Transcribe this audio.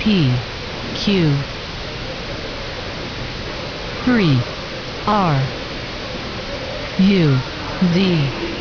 P Q 3 R U Z